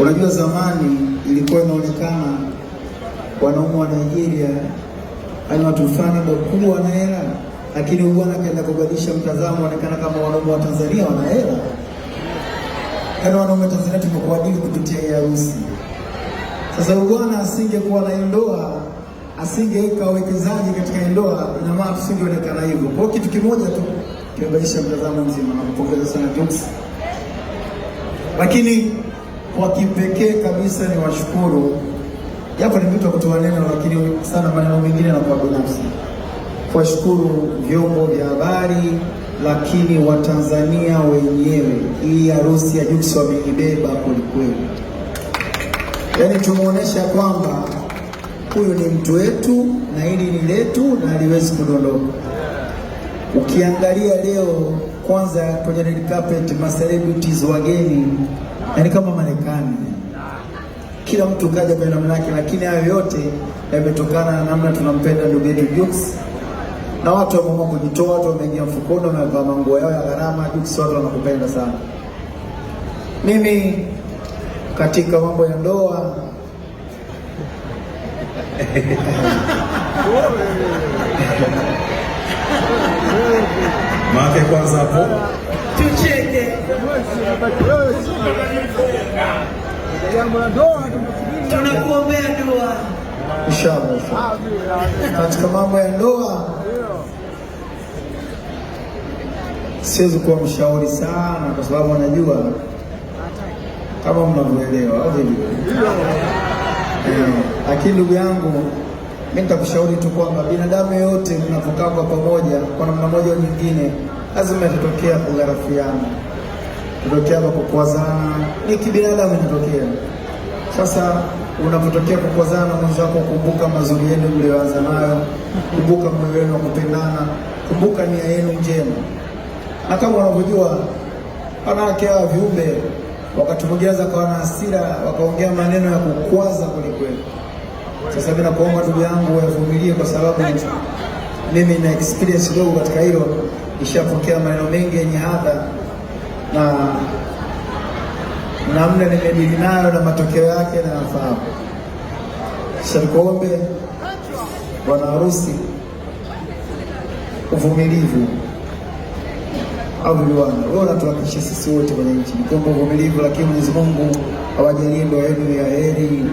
Unajua zamani ilikuwa inaonekana wanaume wa Nigeria ana yaani watu fulani ndio kubwa wana hela, lakini huwa akaenda kubadilisha mtazamo, anaonekana kama wanaume wa Tanzania wana hela. Kana yaani wanaume wa Tanzania tumekuadili kupitia hii harusi. Sasa bwana asingekuwa na ndoa, asingeweka wawekezaji katika ndoa, ina maana tusingeonekana hivyo. Kwa kitu kimoja tu kimebadilisha mtazamo mzima. Nampongeza sana Jux, lakini kwa kipekee kabisa ni washukuru, japo ni mtu wa kutoa neno, lakini sana maneno mengine na kwa binafsi kuwashukuru vyombo vya habari, lakini watanzania wenyewe. Hii harusi ya Jux wameibeba kwelikweli, yaani tumeonyesha kwamba huyu ni mtu wetu na hili ni letu na haliwezi kudondoka. Ukiangalia leo kwanza kwenye red carpet, ma celebrities wageni, yani kama Marekani, kila mtu kaja kwa namna yake, lakini hayo yote yametokana na namna tunampenda ndugu yetu Jux, na watu wameamua kujitoa, watu wameingia mfukoni, wamevaa manguo yao ya gharama. Jux, watu wanakupenda sana. Mimi katika mambo ya ndoa Make kwanza hapo tucheke tunakuombea dua inshallah. Katika mambo ya ndoa siwezi kuwa mshauri sana, kwa sababu anajua kama mnavyoelewa, eh, lakini ndugu yangu mi nitakushauri tu kwamba binadamu yote mnapokaa kwa pamoja, kwa namna moja au nyingine, lazima itatokea kugharafiana, kutokea kwa kukwazana, ni kibinadamu inatokea. Sasa unapotokea kukwazana, mwenzako kumbuka mazuri yenu mlioanza nayo, kumbuka moyo wenu wa kupendana, kumbuka nia yenu njema. Na kama unavyojua wanawake hawa viumbe, wakati mwingine wakawa na hasira, wakaongea maneno ya kukwaza kwelikweli. Sasa mimi nakuomba ndugu yangu wavumilie kwa sababu mimi na experience kidogo katika hilo, nishapokea maneno mengi yenye hadha na namna nimedili nayo na matokeo yake nayafahamu. Shalikuombe bwana harusi, uvumilivu avuliwana wewe unatuhakikisha sisi wote kwenye nchi kwamba uvumilivu, lakini Mwenyezi Mungu awajalie ndoa yenu ya heri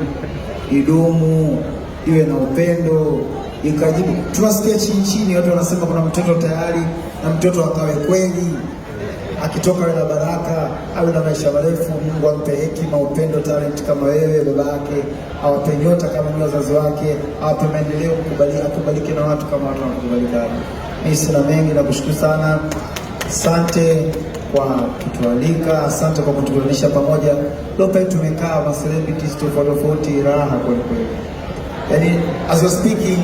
idumu, iwe na upendo, ikajibu. Tunasikia chini chini watu wanasema kuna mtoto tayari, na mtoto akawe kweli, akitoka awe na baraka, awe na maisha marefu. Mungu ampe hekima, upendo, talent kama wewe baba yake, awape nyota kama ni wazazi wake, awape maendeleo, akubalike na watu kama watu wanakubalikana. Mimi sina mengi, nakushukuru sana, asante kwa kutualika. Asante kwa kutuunganisha pamoja. Lopai tumekaa ma celebrities tofauti tofauti, raha kweli kweli. Yani, as we speaking,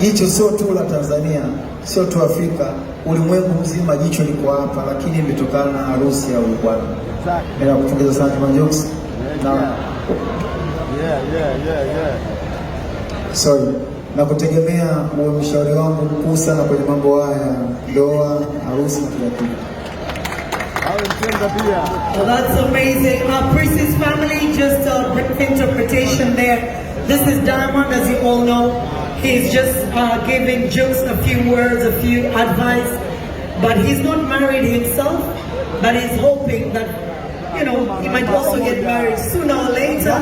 jicho sio tu la Tanzania, sio tu Afrika, ulimwengu mzima jicho liko hapa, lakini imetokana na harusi ya Exactly. bwana. Nakupongeza sana kwa jokes. na yeah, yeah, yeah, yeah. Sorry na kutegemea uwe mshauri wangu mkuu sana kwenye mambo haya, ndoa, harusi, na kila kitu. Well, that's amazing. Our Priest's family, just a interpretation there. This is Diamond, as you all know. He's just uh, giving jokes, a few words, a few advice. But he's not married himself, but he's hoping that you know, he might also get married sooner or later.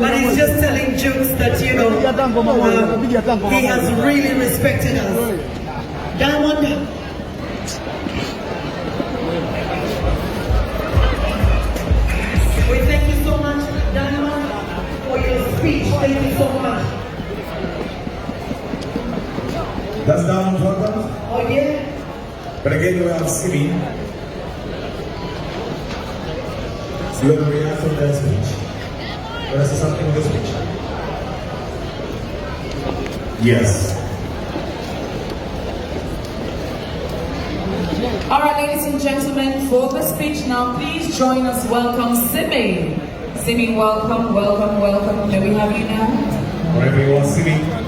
But he's just telling jokes that, you know, uh, he has really respected us. Diamond, Thank you so much. That's down for them. Oh yeah. But again, we are singing. So you have to react to that speech. There is something in this speech. Yes. All right, ladies and gentlemen, for the speech now, please join us. Welcome Simi. Singing welcome, welcome, welcome. Can we have you now? Wherever you are singing.